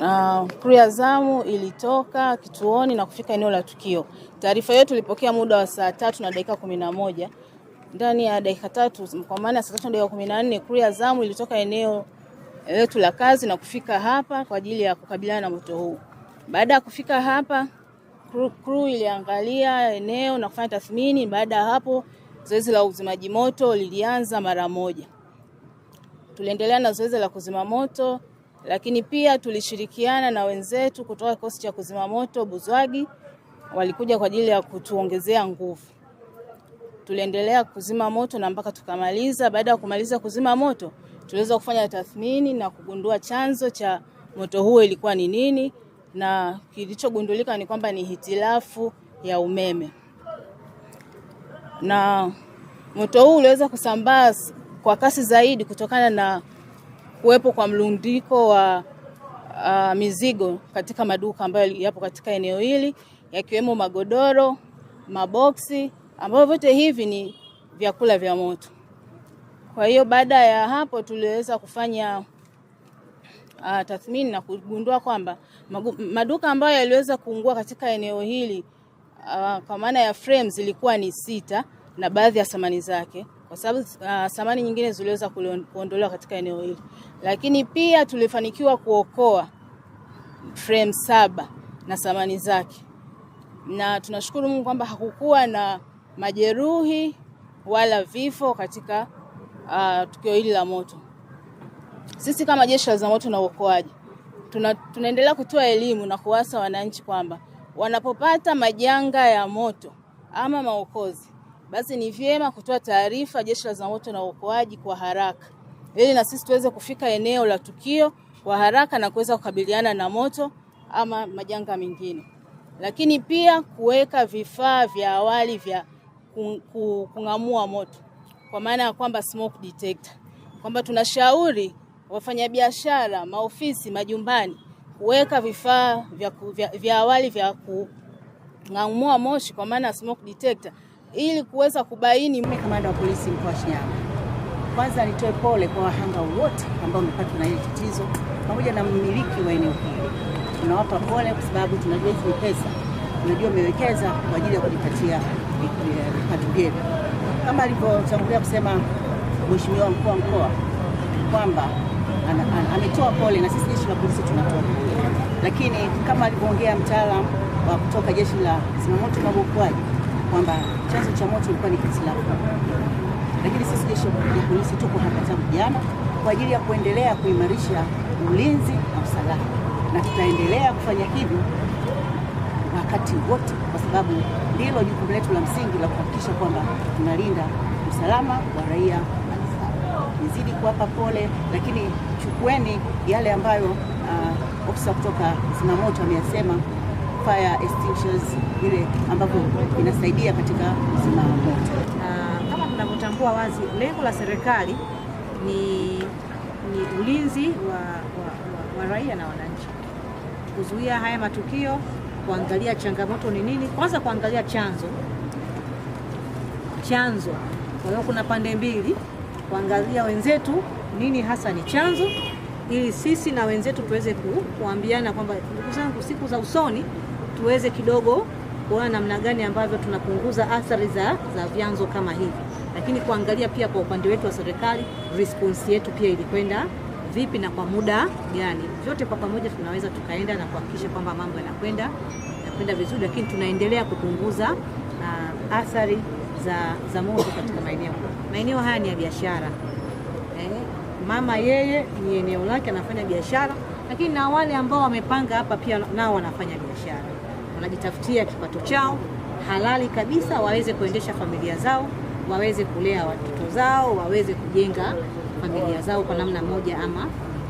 Uh, kru ya zamu ilitoka kituoni na kufika eneo la tukio. Taarifa hiyo tulipokea muda wa saa tatu na dakika kumi na moja. Ndani ya dakika tatu, kwa maana saa tatu na dakika kumi na nne kru ya zamu ilitoka eneo letu la kazi na kufika hapa kwa ajili ya kukabiliana na moto huu. Baada ya kufika hapa, kru iliangalia eneo na kufanya tathmini. Baada ya hapo, zoezi la uzimaji moto lilianza mara moja. Tuliendelea na zoezi la kuzima moto lakini pia tulishirikiana na wenzetu kutoka kikosi cha kuzima moto Buzwagi, walikuja kwa ajili ya kutuongezea nguvu. Tuliendelea kuzima moto na mpaka tukamaliza. Baada ya kumaliza kuzima moto, tuliweza kufanya tathmini na kugundua chanzo cha moto huo ilikuwa ni nini, na kilichogundulika ni kwamba ni hitilafu ya umeme, na moto huu uliweza kusambaa kwa kasi zaidi kutokana na kuwepo kwa mlundiko wa uh, mizigo katika maduka ambayo yapo katika eneo hili yakiwemo magodoro, maboksi ambayo vyote hivi ni vyakula vya moto. Kwa hiyo baada ya hapo tuliweza kufanya uh, tathmini na kugundua kwamba maduka ambayo yaliweza kuungua katika eneo hili uh, kwa maana ya frames ilikuwa ni sita na baadhi ya samani zake kwa sababu uh, samani nyingine ziliweza kuondolewa katika eneo hili, lakini pia tulifanikiwa kuokoa frame saba na samani zake, na tunashukuru Mungu kwamba hakukuwa na majeruhi wala vifo katika uh, tukio hili la moto. Sisi kama Jeshi la Zimamoto na Uokoaji tuna, tunaendelea kutoa elimu na kuwasa wananchi kwamba wanapopata majanga ya moto ama maokozi basi ni vyema kutoa taarifa Jeshi la Zimamoto na Uokoaji kwa haraka ili na sisi tuweze kufika eneo la tukio kwa haraka na kuweza kukabiliana na moto ama majanga mengine, lakini pia kuweka vifaa vya awali vya kung'amua moto, kwa maana ya kwamba smoke detector, kwamba tunashauri wafanyabiashara, maofisi, majumbani kuweka vifaa vya, vya, vya awali vya kung'amua moshi kwa maana smoke detector ili kuweza kubaini. Mimi kamanda wa polisi mkoa wa Shinyanga, kwanza nitoe pole kwa wahanga wote ambao wamepatwa na hili tatizo pamoja na mmiliki wa eneo hili. Tunawapa pole kwa sababu tunajua hizi ni pesa, tunajua amewekeza kwa ajili ya kujipatia eh, vipato vyetu, kama alivyotangulia kusema mheshimiwa mkuu wa mkoa kwamba ametoa pole na sisi jeshi la polisi tunatoa pole, lakini kama alivyoongea mtaalamu wa kutoka jeshi la zimamoto na uokoaji kwamba chanzo cha moto ilikuwa ni kitilafu, lakini sisi jeshi la polisi tuko hapa tangu jana kwa ajili ya kuendelea kuimarisha ulinzi na usalama, na tutaendelea kufanya hivyo wakati wote, kwa sababu ndilo jukumu letu la msingi la kuhakikisha kwamba tunalinda usalama wa raia nizidi kuwapa pole, lakini chukueni yale ambayo uh, ofisa kutoka zimamoto ameyasema fire extinctions ile ambavyo inasaidia katika kuzima moto. Na ah, kama tunavyotambua wazi, lengo la serikali ni, ni ulinzi wa, wa, wa, wa raia na wananchi, kuzuia haya matukio, kuangalia changamoto ni nini, kwanza kuangalia chanzo chanzo. Kwa hiyo kuna pande mbili, kuangalia wenzetu nini hasa ni chanzo, ili sisi na wenzetu tuweze kuambiana kwamba ndugu zangu, siku za usoni tuweze kidogo kuona namna gani ambavyo tunapunguza athari za, za vyanzo kama hivi, lakini kuangalia pia kwa upande wetu wa serikali response yetu pia ilikwenda vipi na kwa muda gani. Vyote kwa pamoja tunaweza tukaenda na kuhakikisha kwamba mambo yanakwenda yanakwenda vizuri, lakini tunaendelea kupunguza uh, athari za, za moto katika maeneo maeneo haya ni ya biashara eh, mama yeye ni eneo lake anafanya biashara, lakini na wale ambao wamepanga hapa pia nao wanafanya biashara wanajitafutia kipato chao halali kabisa, waweze kuendesha familia zao, waweze kulea watoto zao, waweze kujenga familia zao kwa namna moja ama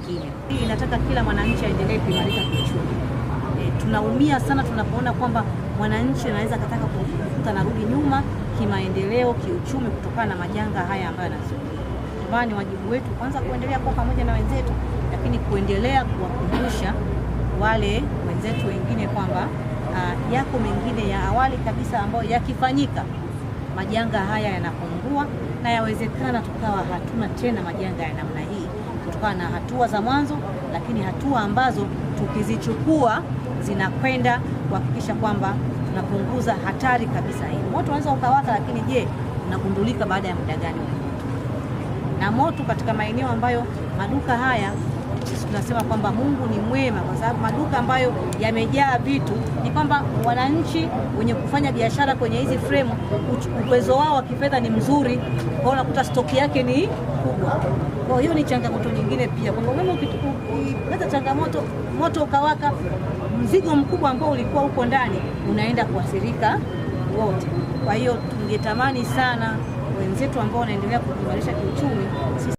nyingine. Hii inataka kila mwananchi aendelee kuimarika kiuchumi. E, tunaumia sana tunapoona kwamba mwananchi anaweza kataka kufuta na rudi nyuma kimaendeleo, kiuchumi kutokana na majanga haya ambayo yanazunguka. Kwani wajibu wetu kwanza kuendelea kuwa pamoja na wenzetu, lakini kuendelea kuwakumbusha wale wenzetu wengine kwamba yako mengine ya awali kabisa ambayo yakifanyika majanga haya yanapungua, na yawezekana tukawa hatuna tena majanga ya namna hii kutokana na hatua za mwanzo, lakini hatua ambazo tukizichukua zinakwenda kuhakikisha kwamba tunapunguza hatari kabisa hii. Moto unaweza ukawaka, lakini je, unagundulika baada ya muda gani? Na moto katika maeneo ambayo maduka haya sisi tunasema kwamba Mungu ni mwema, kwa sababu maduka ambayo yamejaa vitu ni kwamba wananchi wenye kufanya biashara kwenye hizi fremu uwezo wao wa kifedha ni mzuri, kwa unakuta stoki yake ni kubwa. Kwa hiyo ni changamoto nyingine pia, kwamba umeme ukileta changamoto, moto ukawaka, mzigo mkubwa ambao ulikuwa huko ndani unaenda kuathirika wote. Kwa hiyo tungetamani sana wenzetu ambao wanaendelea kuimarisha kiuchumi